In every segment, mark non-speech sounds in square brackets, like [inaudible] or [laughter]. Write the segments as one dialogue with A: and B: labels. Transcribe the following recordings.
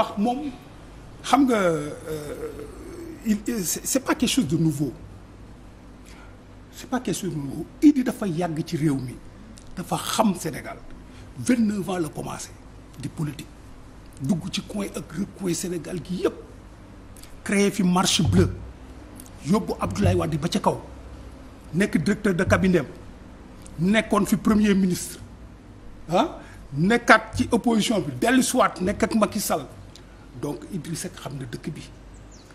A: wax moom xam nga euh, il c'est pas quelque chose de nouveau c'est pas quelque chose de nouveau Idy dafa yàgg ci réew mi dafa xam Sénégal vingt neuf ans la commencé di politique dugg ci coin ak recoin Sénégal gi yëpp créé fi marche bleue yóbbu Abdoulaye Wade ba ci kaw nekk directeur de cabinet nekkoon fi premier ministre ah nekkaat ci opposition bi dellu soit nekk ak Macky Sall donc Idrissa Seck xam ne dëkk bi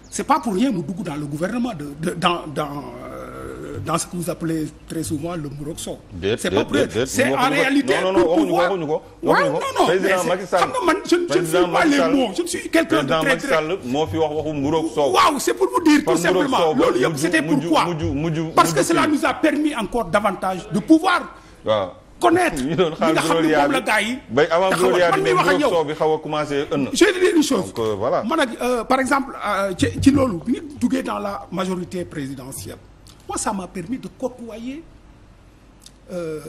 A: c'est pas pour rien mu dugg dans le gouvernement de, de dans dans euh, dans ce que vous appelez très souvent le Moroxo. c'est pas pour réalité. non non non ko non non président Macky man je ne suis pas les quelqu'un de très très. moo fi wax waxu Moroxo. waaw c'est pour vous dire tout simplement loolu yëpp c'était pourquoi parce que cela nous a permis encore davantage de pouvoir connaître li [laughs] nga xam ne moom la gars yi. bay avant Gloria bi wax ak yow bi xaw a commencé ënn. j'ai dit une chose euh, voilà man ak euh, par exemple euh, ci ci loolu bi ñu duggee la majorité présidentielle moi ça m'a permis de côtoyer euh,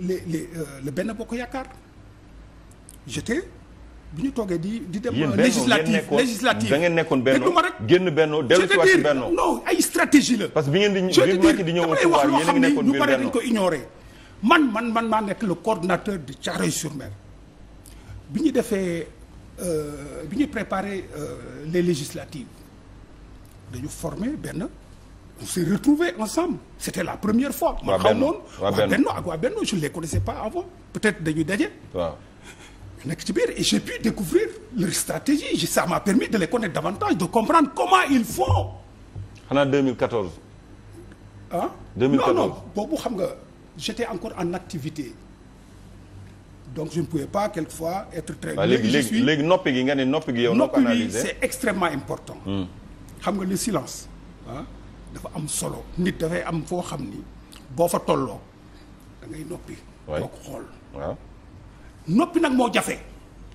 A: les les Yaakaar j'étais bi ñu la. parce que bi ngeen di ñëw au ñu bare dañ ko ignorer. man man man maa nekk le coordonnateur de Thiaroye-sur-Mer bi ñu defee euh, bi ñu préparé euh, les législatives dañu former benn on s'est retrouvés ensemble c'était la première fois ma xaw noonu waa Benno ak waa Benno je ne les connaissais pas avant peut-être dañuy daje waaw nekk ci biir et j'ai pu découvrir leur stratégie ça m'a permis de les connaître davantage de comprendre comment ils font xanaa 2014 ah 2014 non non boobu xam nga j'étais encore en activité donc je ne pouvais pas quelquefois être très. léegi léegi léegi noppi gi nga ne noppi gi yow. noo ko noppi gi c'est extrêmement important. Hmm. xam nga le silence ah dafa am solo. nit dafay am foo xam ni boo fa tolloo da ngay noppi. waay boo xool. noppi nag moo jafe.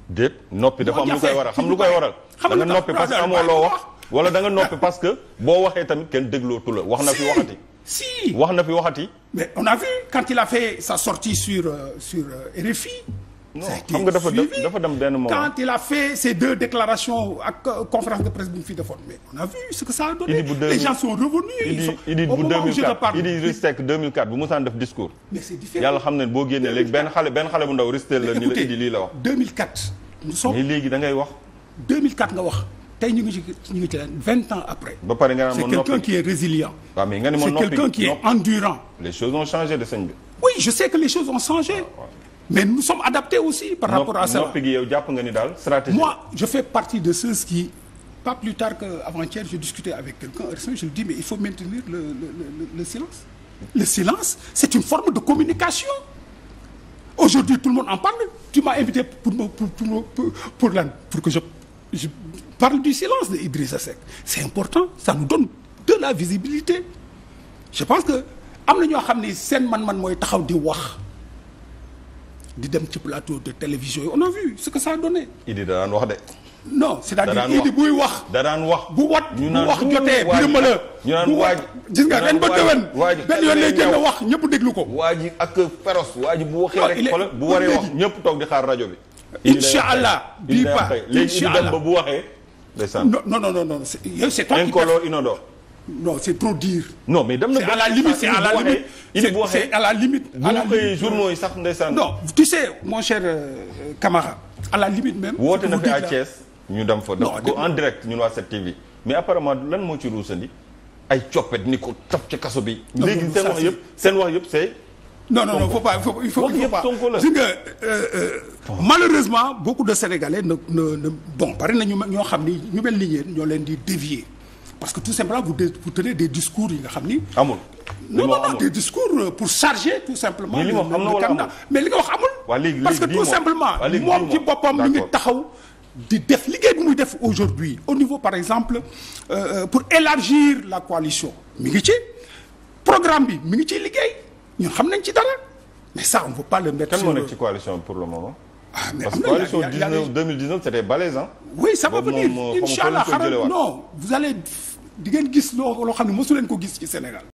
A: déet noppi dafa am lu koy waral xam lu koy waral. xam nga noppi parce que amoo wala da nga noppi parce que boo waxee tamit kenn déglootu la wax na fi waxati. si wax na fi waxati. mais on a vu quand il a fait sa sortie sur euh, sur euh, RFI. xam nga dafa dafa dem benn moment a fait ces deux déclarations ak euh, conférence de presse bu mu fi defoon mais on a vu ce que ça a donné. les gens sont revenus. def discours. yàlla xam ne boo génnee léegi benn xale benn xale bu ndaw resté la ni la Idi lii la wax. mais léegi da ngay wax. 2004 nga wax. tey ñu ngi ci ñu ngi ci vingt ans après. ba pare nga naan c'est quelqu'un qui est résilient. waaw mais nga ne ma noppi c'est quelqu'un qui est endurant. les choses ont changé de sëñ bi. oui je sais que les choses ont changé. mais nous sommes adaptés aussi. par rapport à ça ni daal stratégie. moi je fais partie de ceux qui. pas plus tard qu'avant-hier je discutais avec quelqu'un je lui dis mais il faut maintenir le silence. c'est une forme de communication. aujourd'hui tout le monde en parle tu m'as invité pour pour pour que je. parle du silence de Idrissa Seck c'est important ça nous donne de la visibilité je pense que am na ñoo xam ne seen man-man mooy taxaw di wax di dem ci plateau de télévision yi on a vu ce que ça a donné. da daan wax de. non c'est-à-dire Idi buy wax. da wax bu wat bu wax jotee birima la. ñu naan waaj gis nga ren ba déwén. waaj benn yoon lay génn wax ñëpp déglu ko. waa ji ak féroce. waa ji bu waxee rek xoolal bu waree wax ñëpp toog di xaar rajo bi.
B: incha allah bii ba incha allah bu
A: waxee. non non no non yooyu c'est toi incolore inodore non c'est trop dire. mais dem na à la limite c'est à la limite journaux yi sax ndeysaan. non tu sais mon cher euh, camarade. woote na fi à ñu dem fa. non ko en direct ñu waa 7TV mais apparemment lan moo ci ruusandi ay coppet ni ko taf ci kaso bi. léegi seen wax yëpp seen wax yëpp c'est non non non faut pas faut, il faut, euh, euh, de sénégalais ne ne ne bon bari na ñu ñoo xam ni ñu mel ni yéen ñoo leen di dévier parce que tout simplement vous de vous tenez des discours yi nga xam ni. amul non non non des discours euh, pour charger tout simplement. li mais li nga wax amul. parce que tout simplement. moom ci boppam mi ngi taxaw. di def liggéey bi muy def aujourd'hui au niveau par exemple pour élargir la coalition mi ngi ci programme bi mi ngi ciy liggéey. ñun xam nañ ci dara mais ça on ne peut pas le mettre. sur moo nekk ci coalition pour le moment. ah mais am na coalition c'était malaisant. oui ça va venir incha allah non vous allez di ngeen gis loo loo xam ne mosu ko gis ci Sénégal.